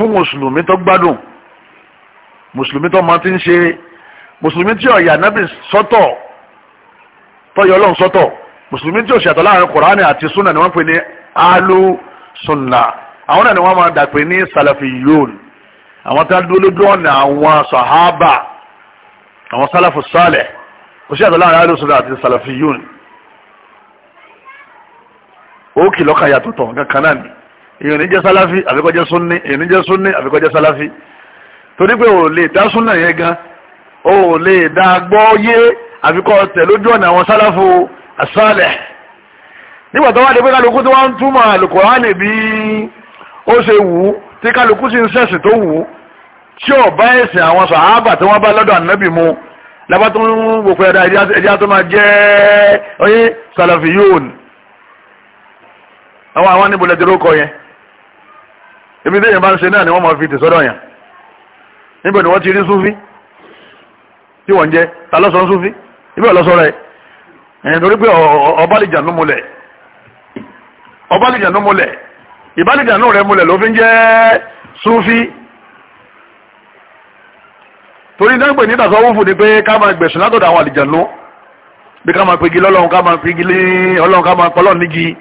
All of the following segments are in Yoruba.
fún mùsùlùmí tó gbádùn mùsùlùmí tó máa ti ń ṣe mùsùlùmí tí ó yà nábì sọ́tọ̀ tó yọ Ọlọ́run sọ́tọ̀ mùsùlùmí tí ó ṣàtọ̀ láàrin kùránì àti súnà ni wọ́n pè ní alu sunna àwọn náà ni wọ́n máa dàpè ní salafiyun àwọn tá a dúró lójú ọ̀nà àwọn sahaba àwọn salafu salih kò sí àtọ̀ láàrin alu sunna àti salafiyun ó kìlọ̀ kan yàtọ̀ tọ̀ kankan náà ni èèyàn ní jẹ́ sáláfí àbíkọ́ jẹ́ súnni èèyàn ní jẹ́ súnni àbíkọ́ jẹ́ sáláfí torí pé o lè dá súnà yẹn gan o lè dá gbọ́ yé àbíkọ́ tẹ̀ lójú ọ̀nà àwọn sáláfù asálẹ̀ nígbà tó wá dé pé kálukú tó wá ń túmọ̀ àlùkùránì bí ó ṣe wù ú tí kálukú sì ń ṣẹ̀sìn tó wù ú tí ò bá ẹ̀sìn àwọn sàhábà tí wọ́n bá lọ́dọ̀ ànábì mu lábá tó ẹ̀dá ẹ̀dá tó máa jẹ́ ibi déyìn bá ń ṣe náà ni wọ́n máa fi tìsọ́dọ̀ yàn níbẹ̀ ni wọ́n ti rí súfí tí wọ́n jẹ́ ta lọ́sọ̀ súfí ibẹ̀ lọ́sọ̀ rẹ̀ ẹ̀yìn torí pé ọbálìjànú múlẹ̀ ọbálìjànú múlẹ̀ ìbálìjànú rẹ̀ múlẹ̀ ló fi ń jẹ́ súfí torí dáńgbè ní ìdàsọ́ wúfù ni pé ká máa gbẹ̀sùn látọ̀dọ̀ àwọn àlìjànú bí ká máa pegi lọ́lọ́run ká máa pegi lé ọlọ́run ká máa pọ́lọ́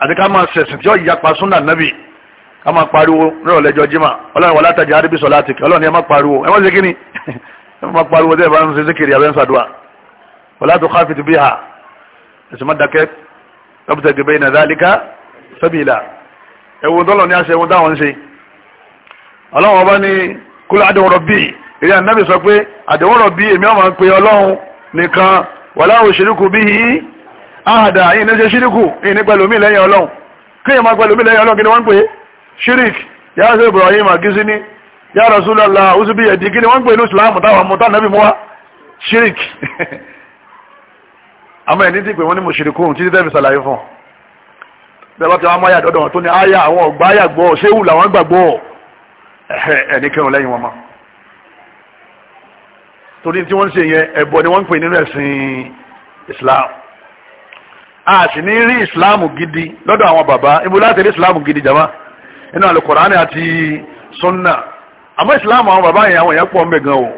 àti ká máa ṣẹ̀sìn tí ó yapa súnà nábì ká máa pariwo lọ́rọ̀ lẹ́jọ́ jimá ọlọ́run wà látàjà àríbí láti kí ọlọ́run ẹ má pariwo ẹ má ṣe ni ẹ má pariwo tẹ́ ẹ bá ń ṣe síkiri abẹ́ ń ṣàdúrà wàlá tó káfí ti bí ha ẹ̀sìn má dákẹ́ lọ́pùtẹ̀ gbẹ̀bẹ̀ iná dáríká sẹ́bìlà ẹ̀wọ̀n tọ́lọ̀ ní àṣẹ ẹ̀wọ̀n táwọn ń ṣe ọlọ́run ọba ni kúlọ̀ àdéhùrọ̀ bíi eré ànábì sọ pé àdéhùrọ̀ bíi èmi ọmọ ń pe ọlọ́run nìkan wàlá òṣèlú kù Ahada yìí ní ṣe ṣíríkù yìí ní pẹ̀lú mi lẹ́yìn ọlọ́run kí èèyàn máa pẹ̀lú mi lẹ́yìn ọlọ́run kí ni wọ́n pè é ṣírík yàrá sí Ibrahim àgísí ní yàrá Rasulullah ọ̀sùbí ẹ̀dì kí ni wọ́n ń pè ní Islam táwọn mọ̀tá nàbí mọ́wá ṣírík àmọ́ ẹni tí pé wọ́n ní mo ṣíríkù títí tẹ́ fi ṣàlàyé fún bẹ́ẹ̀ bá ti wọ́n máyà dọ́dọ̀ tó ní áyà àwọn ọ̀gbá áyà gbọ́ ṣéwù làwọn gbàgbọ́ ẹni kírun lẹ́yìn wọn mọ́ ni wọ́n ń Islam a sì ní rí ìsìláàmù gidi lọ́dọ̀ àwọn bàbá ibo láti rí ìsìláàmù gidi jama inú alukọ̀ránì àti sunna àmọ́ ìsìláàmù àwọn bàbá yẹn àwọn èèyàn pọ̀ mẹ́gan o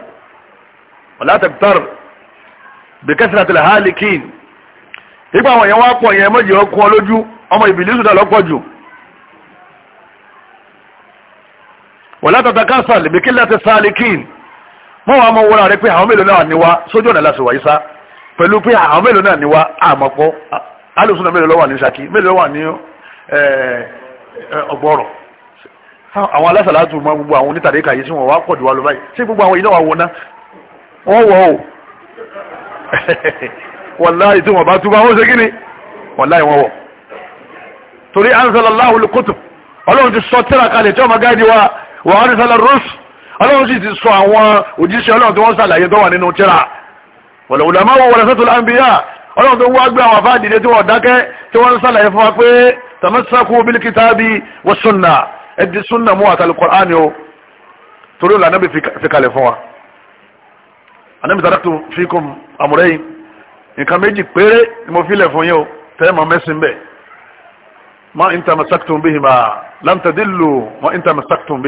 wàlá tẹ̀kítàr bìkẹ́sìlá tẹ̀lẹ̀ hálì kín ipa àwọn èèyàn wá pọ̀ yẹn mọ́jì ọkùn ọlójú ọmọ ìbìlísù dà lọ́pọ̀ jù wàlá tẹ̀kásàl bìkẹ́lá tẹ̀ sálì kín mọ́ wọn mọ́ wọ́n rà rẹ pé àwọn mélòó náà ni alùsùnà mélòó lọ́wọ́ ní Ṣakí mélòó lọ́wọ́ ní ọgbọ́rọ̀ àwọn alásàlátù máa gbogbo àwọn onítàdé kàyé tí wọ́n wá pọ̀ jùwà lọ báyìí sí gbogbo àwọn iná wa wọná wọ́n wọ́ o wàláì tí wọ́n bá túbọ̀ wọ́n ṣe kí ni wàláì wọ́n wọ̀ torí ansalallahu lukutub ọlọ́run ti sọ tíra kalẹ̀ tí ọmọ gáàdì wa wà á nísàlá rus ọlọ́run sì ti sọ àwọn òjíṣẹ́ ọlọ́run tí wọ́n sàlàyé tó wà nínú tíra wal ọlọ́run tó wá gbé àwọn àfáà dìde tí wọ́n dákẹ́ tí wọ́n ń sàlàyé fún wa pé tamasaku bil kitabi wa sunna ẹ̀dì sunna mú àtàlù Qur'ani o torí ọ̀la anábì fi kalẹ̀ fún wa anábì taraktu fikum amrayn nǹkan méjì péré ni mo filẹ̀ fún yín o tẹ́lẹ̀ mọ́ mẹ́sìn bẹ́ẹ̀ ma in tamasaktum bihima lan tadillu ma in tamasaktum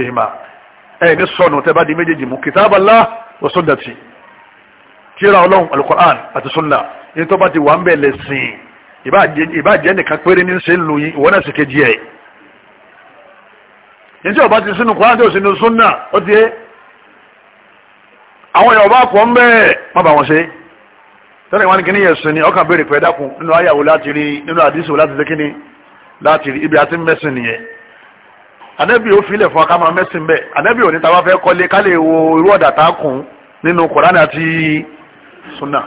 ẹ̀ ní sọnù tẹ́ bá di méjèèjì mú kitab Allah wa sunnati tíra ọlọ́run alukoran àti sunna ní tó bá ti wà ń bẹ̀ lẹ́sìn ìbàjẹ́ nìkan péré ní ṣe ń lu ìwọ náà sì kejì ẹ̀ ní tí ọba ti sínú koran tí ò sínú sunna ó ti é àwọn èèyàn ọba pọ̀ ń bẹ́ẹ̀ má bà wọ́n ṣe tẹ́lẹ̀ wọn ni kíní yẹn sìn ọkàn béèrè pẹ́ dákun nínú ayàwó láti rí nínú àdísò láti ṣe kíní láti rí ibi àti mẹ́sìn nìyẹn anabi ò filẹ̀ fún akáma mẹ́sìn bẹ́ẹ̀ anabi ò ní ta wá fẹ́ kọ́lé ká lè wo irú ọ̀dà tá a kùn nínú koran àti sunna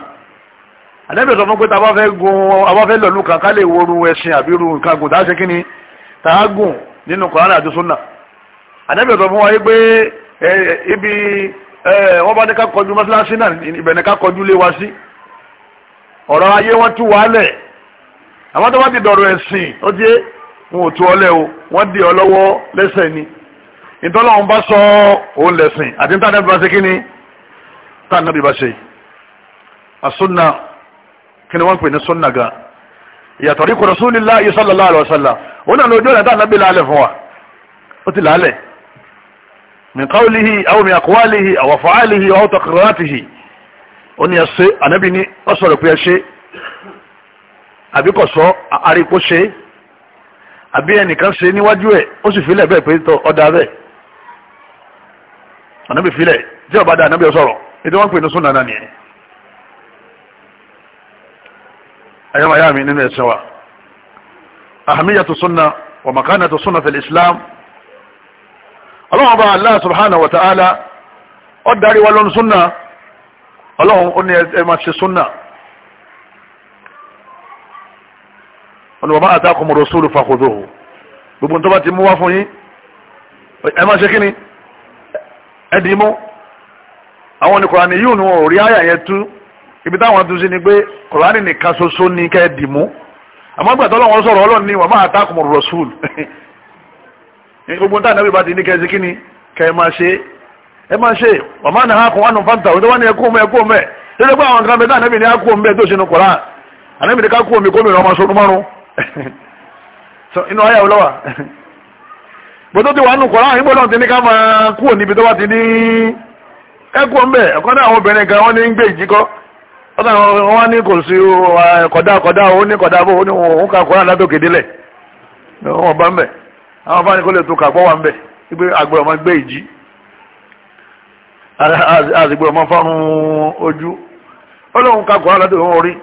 ànábì sọ fún pé tá a bá fẹ́ lọ̀lú kan ká lè woru ẹṣin àbí nǹkan gùn tá kí ni tá a gùn nínú Kùránì àti sunna ànábì sọ fún wa pé ibi wọ́n bá ní ká kọjú náà ibẹ̀ ní wọn o wọ́n di ọ lọ́wọ́ lẹ́sẹ̀ ni ìtọ́lọ́wọ́n bá sọ òun lẹ̀sìn àti ní asúnà kí ni wọ́n pè ní súnà gan ìyàtọ̀ rí kò Rasulullahi sallallahu alaihi wasallam òun náà lójú ọ̀nà tá àná bí lálẹ́ fún wa ó ti lálẹ̀ min qawlihi aw min aqwalihi aw af'alihi aw taqriratihi ó ní ẹsẹ ànábì ní ọ̀sọ̀rọ̀ pé ẹṣẹ́ àbíkọ̀sọ́ àríkó ṣe àbí ẹnìkan ṣe níwájú ẹ̀ ó sì filẹ̀ bẹ́ẹ̀ pé tọ́ ọ̀dà bẹ́ẹ̀ ànábì filẹ̀ tí ọ̀bá dá ànábì ọ̀sọ̀rọ̀ ètò wọn pè ní súnà náà nìyẹn ẹ̀yọ́ màá yá mi nínú ẹ̀sìn wa ahamiyatu sunna wa makanatu sunna fil islam ọlọ́run bá allah subhanahu wa ta'ala ọ darí wa lọ́nu sunna ọlọ́run ó ní ẹ máa ṣe sunna wọn ni wa ma atakum rasulu fakhuduhu gbogbo tó bá ti mú wá fún yín ẹ máa ṣe kíni ẹ dì í mú àwọn ni Kùránì ni wọn ò rí àyà yẹn ibi táwọn tún sí ni pé kòránì nìkan ṣoṣo ní kẹ́ ẹ dì mú àmọ́ gbà tọ́lọ́ wọn sọ̀rọ̀ ọlọ́ọ̀ni wà máa takùn rọ̀ṣùl gbogbo táwọn nàbí bá ti ní kẹ́ sí kí kẹ́ ẹ máa ṣe ẹ máa ṣe wà máa nà ákùn wánú fanta òun tó wá ní ẹkú mẹ ẹkú mẹ ṣẹlẹ pé àwọn nǹkan bẹ táwọn nàbí ní ákùn mẹ tó ṣe nu kòrán ànábì ní ká kú omi kómi ọmọ sọdún márùn inú ayé àwọn lọ́wà gbọ́dọ̀ ti wà ọ̀nà wọn ní kò sí kọ̀dá kọ̀dá ó ní kọ̀dá bó ní òun ká kọ́rán látòkè délẹ̀ wọn bá ń bẹ̀ àwọn afáàní kò lè tún kàpọ̀ wà ń bẹ̀ wípé àgbẹ̀ ọmọ gbé ìjì àzìgbẹ̀ ọmọ fárun ojú ó lóun ká orí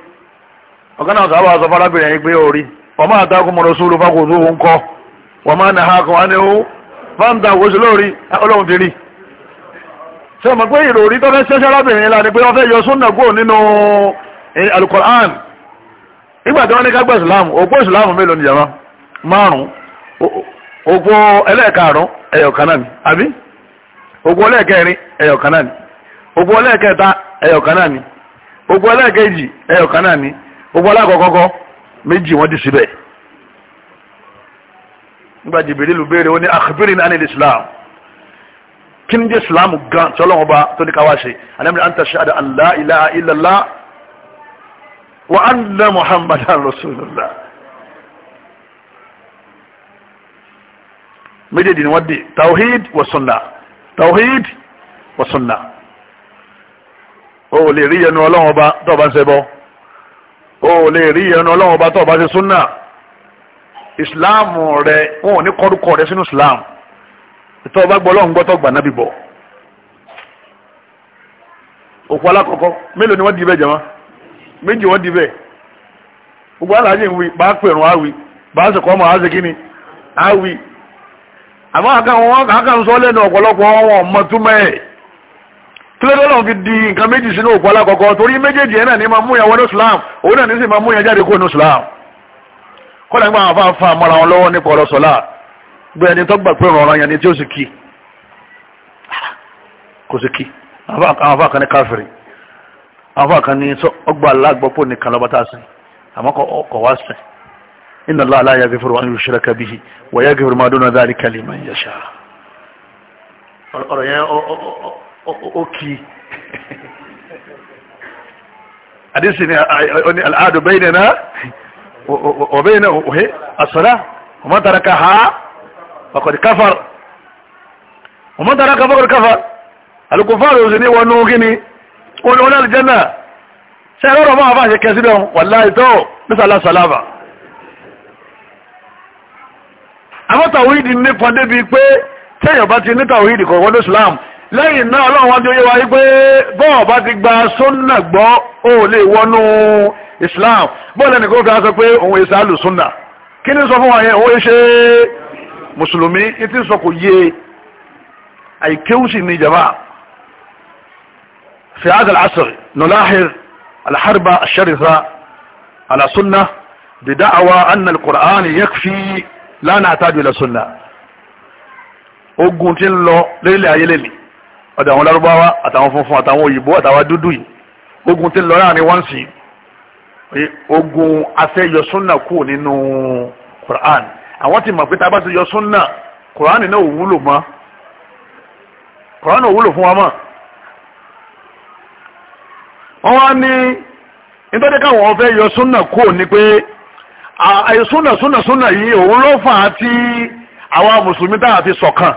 náà sábà sọ fárábìnrin yìí ṣe mọ̀ pé ìròrí tó fẹ́ ṣẹ́ṣẹ́ rábìnrin la ni pé wọ́n fẹ́ yọ súnà kúrò nínú eh, alukoran nígbà tí wọ́n ní ká gbọ́ ìsìláàmù òpó mélòó ni jàmá márùn-ún òpó ẹlẹ́ẹ̀karùn àbí òpó ẹlẹ́ẹ̀kẹrin ẹ̀yọ̀kan náà ẹlẹ́ẹ̀kẹta di kí ni jẹ́ ìsìlámù gan tí ọlọ́run ọba tó ní káwá ṣe anamílẹ̀ anta ṣáàdà an la ilaha illallah wa anna muhammadan rasulullah méjèèjì ni wọ́n dì tawhid wa sunna tawhid wa sunna o lè rí ẹnu ọlọ́run ọba tó bá ń ṣe bọ́ o lè rí ẹnu ọlọ́run ọba tó bá ṣe sunna ìsìlámù rẹ wọn ò ní kọ́dúkọ́ rẹ sínú tó ọba gbọ́ lọ́hùn gbọ́tọ̀ bọ̀ òkú alákọ̀ọ́kọ́ mélòó ni wọ́n di bẹ́ẹ̀ jẹ́mọ́ méjì wọ́n di bẹ́ẹ̀ gbogbo aláàjì ń wí bá a pèrún àwì bá a sọ̀kọ́ ọmọ àá sèkí ni àwì àmọ́ àkàwọn sọ lẹ́nu ọ̀pọ̀lọpọ̀ ọmọ túmọ̀ ẹ̀ kílódé lọ́n fi di nǹkan méjì sínú òkú alákọ̀ọ́kọ́ torí méjèèjì ẹ̀ náà gbé ẹni tó gbà pé ọ̀rọ̀ yẹn ni tí ó sì kí kò sì kí àwọn afá kan ní káfíìrì àwọn afá kan ní ọgbà aláàgbọ́pọ̀ nìkan lọ́ba tá a sìn àmọ́ kọ̀ wá sìn inna Allah la yaghfiru an yushraka bihi wa yaghfiru ma duna dhalika liman yasha ọ̀rọ̀ yẹn ó kí àdísì ni al'adu baynana wa bayna òhé as-salah wa man tarakaha ọkọ̀dì káfàr ọmọ tàrà káfàr ọkọ̀dì káfàr alùkùfàr òsì ní wọnú kíni olóòlù alìjẹ́nà ṣe ẹ̀rọ máa fà ṣe kẹsí lọ wàláhì tó nísàlá sàlábà àwọn tàwíìdì nípa débi pé tẹ́yàn bá ti ní tàwíìdì kọ̀ islam lẹ́yìn náà ọlọ́run wájú yé wa wípé bọ́ọ̀ bá ti gba súnnà gbọ́ ó lè wọnú islam bọ́ọ̀lẹ́nì kó fi á sọ pé òun ìsàlù súnnà kí ni sọ fún wa yẹn òun ìṣe mùsùlùmí ní ti sọ kò yé àìkéwù sì ní jama fi hadha al-asr nulahir al-harba ash-sharifa ala sunnah bida'wa anna al-qur'an yakfi la nahtaju ila ogun tí ń lọ lórílẹ̀ ayé lèmi ọ̀dọ̀ àwọn àtàwọn funfun àtàwọn òyìnbó àtàwọn dúdú yìí ogun tí ń lọ láàrin wọ́n sì ogun afẹ́yọsúnà kù nínú Qur'an àwọn ti mọ̀ pé tá a bá ti yọ súnà kùránì náà ò wúlò mọ́ kùránì ò wúlò fún wa mọ́ wọ́n wá ní nítorí káwọn fẹ́ yọ súnà kúrò ní pé àyè súnà súnà súnà yìí òun ló fà á tí àwa mùsùlùmí tá a fi ṣọ̀kan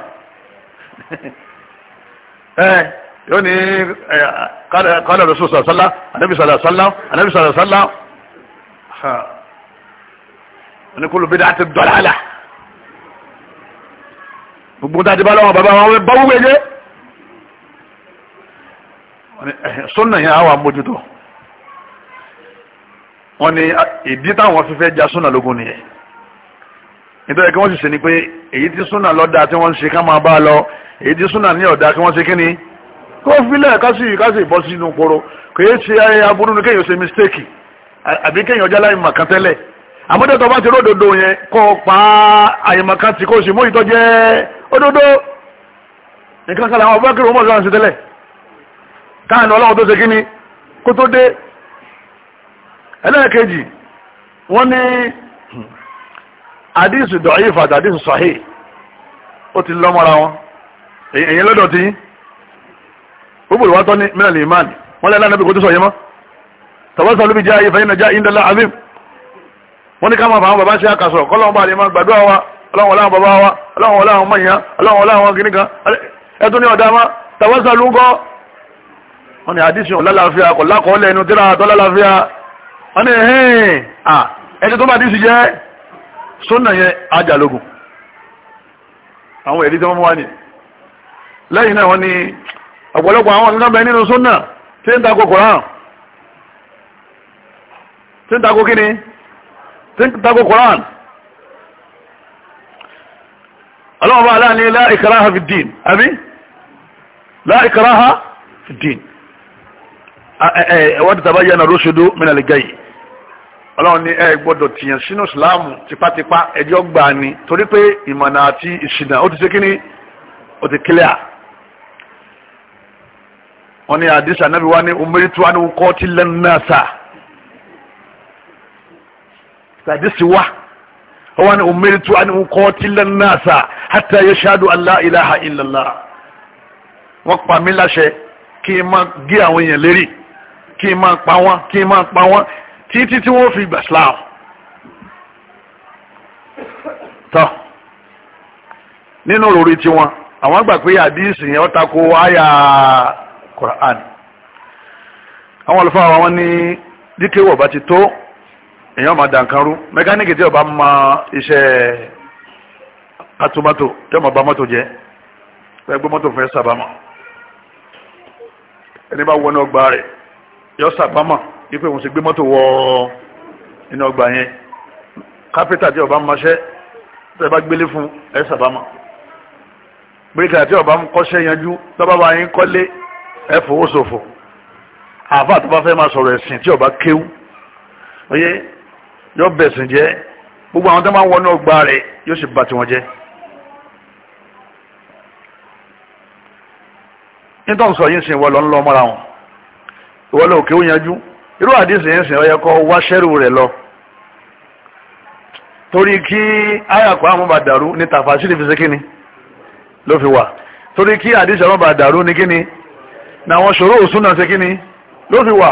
yóò ní kádàrọ̀ sọ̀sọ̀ sálá anábìsàlá sálá anábìsàlá sálá ní kúlù bídà àti dọ̀làlà gbogbo tá a ti bá lọ́wọ́ bàbá wọn bá wúwo ẹ̀jẹ̀ sunna yẹn àwọn amójútó wọn ni ìdí táwọn fífẹ́ ja sunna lógun nìyẹn nítorí kí wọ́n sì ṣe ni pé èyí tí sunna lọ́dà tí wọ́n ń ṣe ká máa bá a lọ èyí tí sunna ní ọ̀dà kí wọ́n ṣe kí kó filẹ̀ kásì kásì bọ́ sínú koro kò yẹ ṣe aburú ni kéèyàn ṣe mistake àbí kéèyàn ọjà láì àmọ́dé tó bá ti ródòdó yẹn kọ́ pa àyèmọ̀kan tí kò sì mú ìtọ́ jẹ́ òdodo nǹkan kan làwọn abúkẹ́rù mọ̀ lọ́wọ́ sí tẹ́lẹ̀ káàní ọlọ́run tó ṣe kí ni kó tó dé ẹlẹ́ẹ̀kejì wọ́n ní àdísù dọ̀ífà àdísù sàhí wọ́n ní ká máa bá àwọn bàbá sí àkàsọ̀ kọ́lọ́wọ́n bá lè máa gbàdúrà wa ọlọ́wọ́n láwọn bàbá wa ọlọ́wọ́n láwọn mọ̀nyá ọlọ́wọ́n láwọn kìnnì kan ẹtún ní ọ̀dà máa tàwọ́sà ló ń kọ́ wọ́n ní àdìsí ọ̀la láàfíà kò lákọ̀ọ́lẹ̀ inú tíra àtọ́ láàfíà wọ́n ní ẹ̀hìn à ẹni tó bá àdìsí jẹ́ sọ́nà yẹn ajàlógún àwọn èdè tí wọ́n mú wá ní lẹ́yìn náà wọ́n ní ọ̀pọ̀lọpọ̀ àwọn ọ̀sán bẹ nínú sọ́nà tí ń takò kòrán tí ń takò kíni think tako Quran Allah bá aláà ní la ikraha fi din abi la ikraha fi din wọ́n ti tabayyana rushdu min al-gay ọlọ́wọ́ ní ẹ gbọ́dọ̀ tìyàn sínú ìsìláàmù tipátipá ẹjọ́ gbà ní torí pé ìmọ̀nà àti ìṣìnà ó ti ṣe kíní ó ti clear wọ́n ní àdìsí ànábì wá ní umiritu an nasa sadi siwa wani umirtu an uqatilan nasa hatta yashhadu an la ilaha illa allah wọ́n pa mí láṣẹ kí n máa gé àwọn èèyàn lérí kí n máa pa wọ́n kí n pa wọ́n títí tí wọ́n fi gbà síláàmù tán nínú òròrí tiwọn àwọn gbà pé àdíìsì yẹn ọta ko àyà Qur'an àwọn àlùfáà wọn ní díkẹ́wọ̀ bá ti tó èèyàn máa dànkanrú mẹkáníìkì tí ó bá mọ atumato tí ó máa bà mọ́tò jẹ́ fẹ́ gbé mọ́tò fẹ́ sábàmọ́ ẹni bá wọ ní ọgbà rẹ̀ yọ sábàmọ́ ipe òun sì gbé mọ́tò wọ inú ọgbà yẹn kápẹ́tà tí ó bá mọṣẹ́ tẹ́ bá gbélé fún ẹ sábàmọ́ bíríkà tí ó bá yanjú tọ́ba bá yín kọ́lé ẹ fowó ṣòfò àáfàá tó bá fẹ́ máa sọ̀rọ̀ ẹ̀sìn tí ó kéwú oyè yóò bẹ̀sùn jẹ́ gbogbo àwọn tó máa ń wọnú ọgbà rẹ̀ yóò sì bà tiwọn jẹ́ nítorí sọ yìí ń sìn wọlọ ńlọ mọ́ra wọn ìwọlọ òkè ó irú àdìsí yìí ń sìn ọyẹ kọ wáṣẹ́rù rẹ̀ lọ torí kí ayàkọ́ àwọn bá dàrú ní tàfàṣílì fi ṣe kíni ló fi wà torí kí àdìsí àwọn bá dàrú ní kíni ní àwọn ṣòro òsúnà ṣe kíni ló fi wà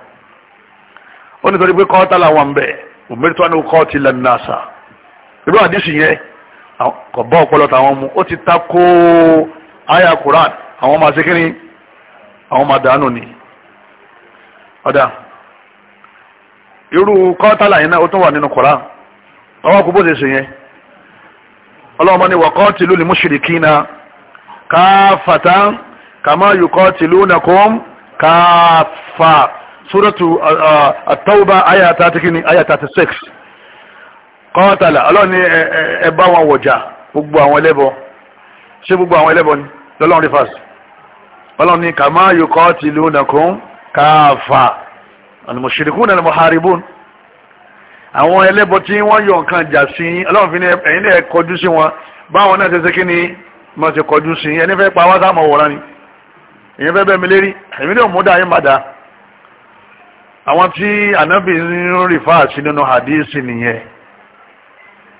ó ní torí pé kọ́ọ́tà làwọn bẹ̀ òmìnirítọ́ ni kọ́ọ̀tì lẹ́nàṣà irú àdìsí yẹn kò bá ọpọlọ tàwọn mu ó ti ta kó àyà Quran àwọn máa ṣe àwọn máa dànù ni ọ̀dà irú kọ́ọ̀tà làyìn náà ó tún wà nínú Quran ọwọ́ kó bó ṣe ṣe yẹn ọlọ́mọ ni waqatilu lil mushrikina kaafatan kama yuqatilunakum kaafa suratu uh, uh, at-tauba aya 36 aya 36 qatala ọlọ́ni ẹ bá wọn wọ̀jà gbogbo àwọn ẹlẹ́bọ ṣé gbogbo àwọn ẹlẹ́bọ ni lọ́lọ́run rífàs ọlọ́ni kama yuqatilunakum kafa al-mushrikuna al-muharibun àwọn ẹlẹ́bọ tí wọ́n yọ nǹkan jà sí ọlọ́run fi ní ẹ̀yin náà kọjú sí wọn báwọn náà ṣe ṣe kí ni mo àwọn tí anabi ń rìfà sí nínú hadith nìyẹn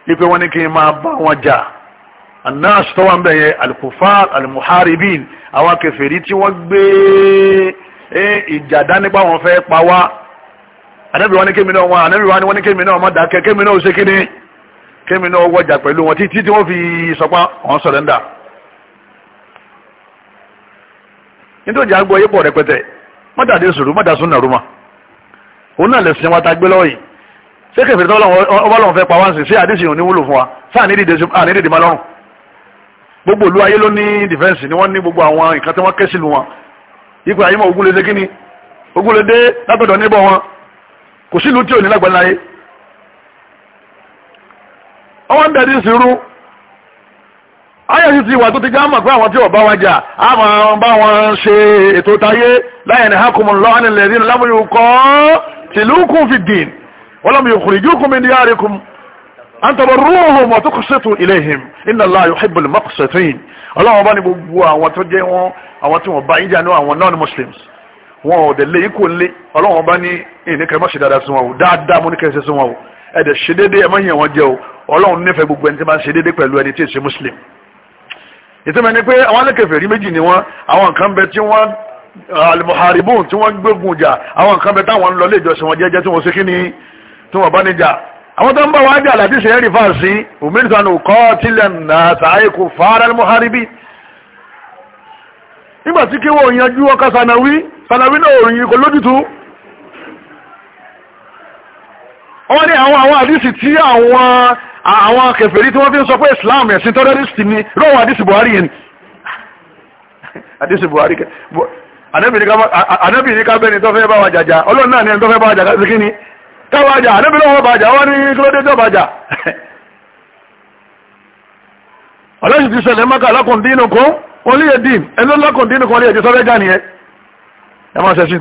ipe wọn ni kí n máa bá wọn jà anas tó wà ń bẹ̀ yẹ alkufar almuharibin àwọn kèfèrí tí wọ́n gbé ìjà dání pa wọn fẹ́ pa wá anabi wọn ni kémi náà wọn anabi wọn ni kémi náà ọmọ dàkẹ́ kémi náà ó ṣe kíni kémi náà wọjà pẹ̀lú wọn títí tí wọ́n fi sọpá ọ̀hún sọ̀rẹ́ndà nítorí àgbọ̀ yípo rẹpẹtẹ mọ́tàdé sùúrù mọ́tàsúnà rúmọ́ òun náà lè sin wa ta gbé lọ́wọ́ yìí ṣé kẹfẹ́ tó ọba lọ́wọ́ fẹ́ pa wá ń sìn ṣé àdìsí òun ní wúlò fún wa sáà ní dìde à gbogbo ìlú ayé ló ní dìfẹ́ǹsì ni wọ́n ní gbogbo àwọn nǹkan tí wọ́n ké sílu wọn ipò àyè mọ ogun lè dé kíni ogun lè dé látọ̀dọ̀ níbọ̀ wọn kò sílu tí ò ní lágbàlá yé ọwọ́ ń dẹ̀dí sí rú ayé ti wà tó ti já mọ̀ pé àwọn tí ò bá wa jà á máa bá wọn ṣe ètò táyé láyẹ̀ ní hákùmù lọ́wọ́ nílẹ̀ nínú lábúrú tìlúkùn في الدين wọ́n lọ́mọ من دياركم diyarikum an tabarruhum إليهم إن الله يحب Allaha الله أباني ọlọ́wọ́n bá ní gbogbo àwọn tó jẹ́ wọn àwọn tí wọ́n bá yín jáde àwọn non-muslims wọn ò dẹ̀ lé ikú ńlé ọlọ́wọ́n bá ní ìní kẹrìmọ́ ṣe dáadáa sí wọn o dáadáa mú ní kẹrìmọ́ sí wọn o ẹ̀dẹ̀ ṣe déédéé ẹ̀ yẹn wọn jẹ́ o ọlọ́run nífẹ̀ẹ́ gbogbo ẹni tí máa ṣe déédéé pẹ̀lú ẹni tí ì ṣe muslim ìtumọ̀ ni pé àwọn alẹ́kẹ̀fẹ̀ rí méjì ni wọ́n àwọn nǹkan bẹ tí wọ́n alimuharibun tí wọ́n gbógun jà àwọn nǹkan bẹ táwọn lọ léjọsìn wọn jẹ́jẹ́ tí wọ́n ṣe kí ni tí wọ́n bá ní jà àwọn tó ń bá wá jà láti ṣe fara tí kí wọ́n yanjú sanawi sanawi náà ò lójútu wọ́n ní àwọn àwọn tí wọ́n fi ń sọ Islam ẹ̀sìn ni rọ́wọ́ Buhari Buhari ànábì ní kábẹ́ni tó fẹ́ bá wa jàjà ọlọ́run náà ní ẹni tó fẹ́ bá wa jàjà sí kíni káwa jà ànábì lọ́wọ́ bá jà wọ́n ní kílódé tó bá jà ọlọ́run ti ṣẹlẹ̀ mọ́kà lákùndínú kún olíyè dín ẹni lákùndínú kún olíyè ti sọ́fẹ́ jà nìyẹn ẹ máa ṣẹ̀sìn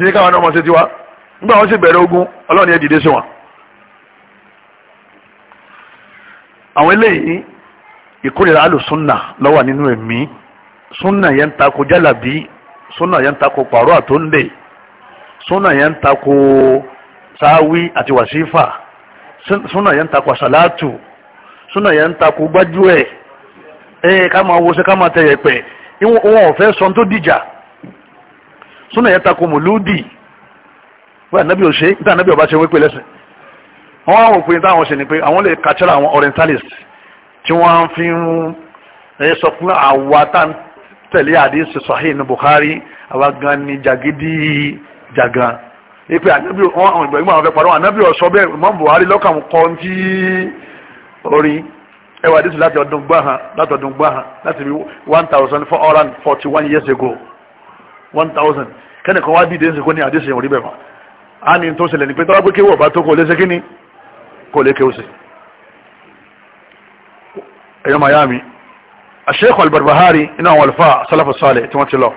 tí nínú ẹ̀mí súnà yẹn takò jálàbí súnà yẹn ń takò pàrọ̀ àtòǹdè súnà yẹn ń takò sáwí àti wàsífà súnà yẹn ń takò àṣàlátù súnà yẹn ń takò gbájúẹ̀ ẹ ká máa wọṣẹ ká máa tẹyẹ pẹ wọn ò fẹ́ sọ tó dìjà súnà yẹn takò mòlúdì wọn ànábì ò ṣe níta ànábì ọba ṣe wípé lẹ́sìn wọn àwọn òpin táwọn ṣe ni pé àwọn lè kàtsẹ́ra àwọn orientalist tí wọ́n fi ń sọ fún àwa tá tẹ̀lé àdéhùn sahih ní Bukhari àwa gan ni jàgídí jàgan ipe anabi ọ̀hún ìgbà ìgbà àwọn fẹ́ pàdánù anabi ọ̀sọ́ bẹ́ẹ̀ Imam Bukhari lọ́kàn kọ́ ti orin ẹwà àdéhùn láti ọdún gbáhàn láti ọdún gbáhàn láti bí one thousand four hundred and forty one years ago one thousand kẹ́nìkan wá dìde ṣe kó ní àdéhùn ìwọ̀n rí bẹ́ẹ̀ mọ́ a ní tó ṣẹlẹ̀ ní pé tọ́lá pé kéwọ́ ọba tó kò lé ṣe kí ni kò lé kéwọ́ sí ẹ̀yọ́ àṣẹ́kọ̀ albarbahari inú àwọn alfa salafu salih tí wọ́n ti lọ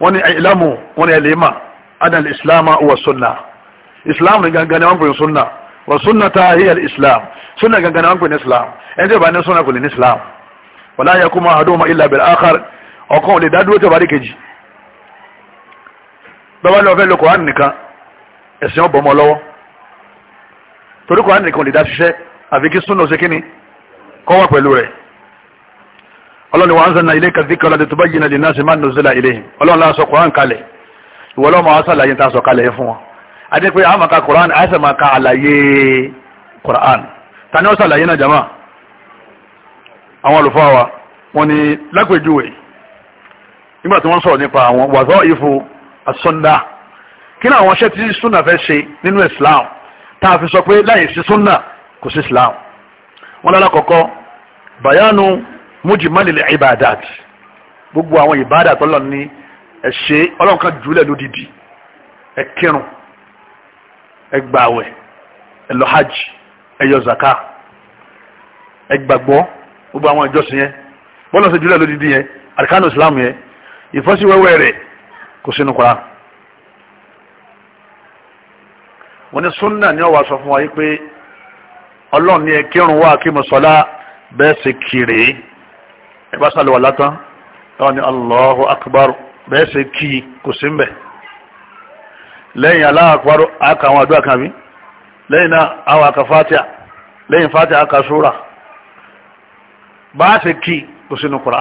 wọ́n ni ìlàmù wọ́n ni ẹlẹ́mà adàn islam wa sunna islam ni gangan ni wọ́n pè ní sunna wa sunna ta hiya islam sunna gangan ni wọ́n pè ní islam ẹni tí ó bá ní sunna kò lè ní islam wala yakuma ahaduhuma illa bil akhar ọ̀kan ò lè dá dúró tí bá rí kejì bàbá lọ fẹ́ lo Kùránì nìkan ẹ̀sìn ọ̀bọ̀ mọ́ lọ́wọ́ torí Kùránì nìkan lè dá ṣiṣẹ́ àfi kí sunna ó ṣe kíni kọ́ pẹ̀lú rẹ̀ ọlọ́ni wa anzalna ilayka dhikra litubayyina linnasi ma nuzila ilayhim ọlọ́run la sọ Qur'an kalẹ̀ ìwọ lọ́mọ wa sàlàyé ta sọ kalẹ̀ fún wọn adé pé àwọn maka Qur'an àìsàn máa ka àlàyé Qur'an ta ni ó sàlàyé náà jama àwọn olùfọ́ wa wọn ni lápèjúwe nígbà tí wọ́n sọ̀rọ̀ nípa àwọn wàzọ́ ìfò as kí ni àwọn iṣẹ́ tí sunna fẹ́ ṣe nínú Islam tá a fi sọ pé láì sí sunna kò sí Islam wọn lọ́la mujmalil ibadat gbogbo àwọn ìbádà tọ́lọ̀ ní ẹ̀ṣẹ́ ọlọ́run kan jùlẹ̀ lódìdí ẹ kírun ẹ gbààwẹ̀ ẹ lọ hajj ẹ yọ zaka ẹ gbàgbọ́ gbogbo àwọn ìjọsìn yẹn bọ́lá ṣe jùlẹ̀ lódìdí yẹn arkanu islam yẹn ìfọ́síwẹ́wẹ́ rẹ̀ kò sínú kura wọ́n ní sunna ni ọwọ́ sọ fún wa yìí pé ọlọ́run ni ẹ wá kí mùsọ́lá bẹ́ẹ̀ ṣe kiri ẹ bá sálọ wà látàn táwọn ní Allahu akbar bẹ́ẹ̀ ṣe kí kò sí mbẹ̀ lẹ́yìn Allahu akbar àkà àwọn àdúrà kan bí lẹ́yìn náà àwọn àkà fatiha lẹ́yìn fatiha àkà sura bá ṣe kí kò sínú kura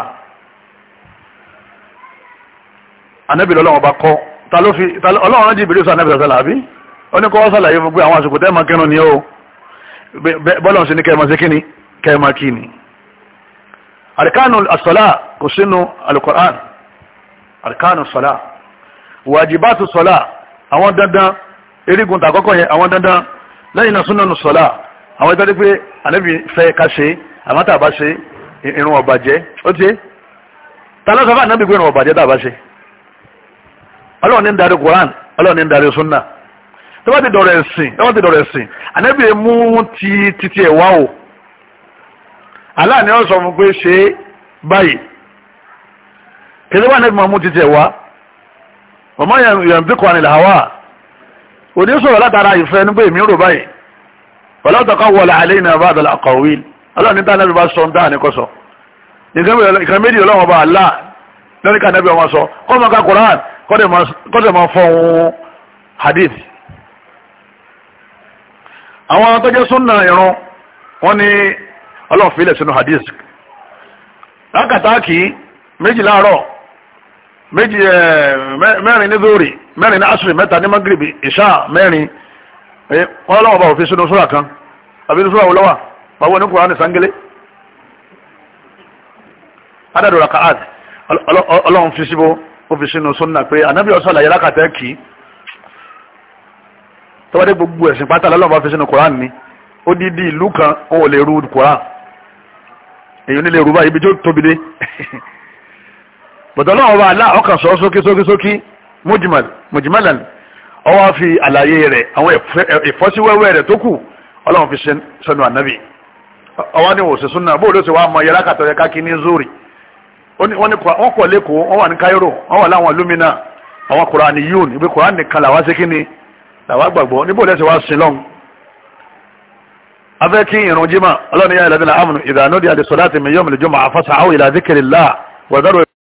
anabi lọ́lọ́wọ́ bá kọ́ ta ló fi ọlọ́run rántí sọ anabi àbí ó ní kọ́ wọ́n sàlàyé fún pé àwọn àsìkò tẹ́ẹ̀mà kírun ni ó bọ́lọ̀ sí ní kẹ́ẹ̀mà sí kíni kẹ́ẹ̀mà kíni àríkánù àsọ̀lá kò sínú alukoran àríkánù sọ̀lá wàjibátù sọ̀lá àwọn dandan erigun tàkọ́kọ́ yẹn àwọn dandan lẹ́yìn náà súnánù sọ̀lá àwọn ìtọ́jú pé ànábì fẹ́ ká ṣe àmọ́ tá a bá ṣe irun ọ̀bàjẹ́ ó ti ta lọ́sọ̀ fún irun ọ̀bàjẹ́ tá a ṣe ọlọ́run ní darí koran ọlọ́run ní darí súnà tó ti dọ̀rọ̀ ẹ̀sìn tó ti dọ̀rọ̀ ẹ̀sìn ànábì mú ti titi ẹ̀ o aláàní ọ sọ fún pé ṣe báyìí kẹlẹ́ wà nẹ́bí mahmud títẹ̀ wá ọmọ yẹn bí kọ́ ànilà wá òní sọ̀rọ̀ látara ìfẹ́ nígbà èmi rò báyìí ọlọ́tọ̀kọ́ wọlé alẹ́ iná bá àdàlà ọkọ̀wé ọlọ́ọ̀ni tá nẹ́bí bá sọ ń dáhà ní kọ́ sọ ìkan méjì ọlọ́wọ́n bá àlá lórí ká nẹ́bí ọmọ sọ kọ́ ká Quran kọ́dẹ̀ máa fọ́ ohun hadith àwọn tó jẹ́ súnà ìrun wọ́n ọlọ́run fi lẹ̀ sínú hadith lákàtàkì méjì láàárọ̀ méjì mẹ́rin ní dóòrì mẹ́rin ní asiri mẹ́ta ní magrebi ìṣá mẹ́rin wọ́n lọ́wọ́ bá òfin sínú kan olówà pàwọ́ ní kùránì sangele ọlọ́run fi síbó sínú pé anábì ọ̀sán àlàyé gbogbo ẹ̀sìn pátá bá sínú kùránì ni ó dídí ìlú kan ó lè èyí nílé yorùbá ibi tó tóbi dé bọ̀dọ̀ náà wà láà ọkàn sọ sókè sókè sókè mujmalan ọwọ́ fi àlàyé rẹ̀ àwọn ìfọ́síwẹ́wẹ́ rẹ̀ tó kù ọlọ́run fi sẹ́nu ànábì ọwọ́ ni wòsè súnà bó ló ṣe wá mọ yẹlá kàtọ́ yẹ káàkiri ní zuri wọ́n kọ̀ lẹ́kọ̀ọ́ wọ́n wà ní Cairo wọ́n wà láwọn lumina àwọn kùránì yún ìgbé kùránì kan làwọn ṣe kí ni làwọn gbàgbọ́ níbo lẹ́sẹ̀ wá sin afẹ́ kí ìrun jimá ọlọ́run yá ìlàdínlá amúnú ìdánú di àdìsọ́lá ti mi yọ́mùlẹ̀ jọmọ́ àfọ́sà áwò ìlà zikrillah wàdọ́rọ̀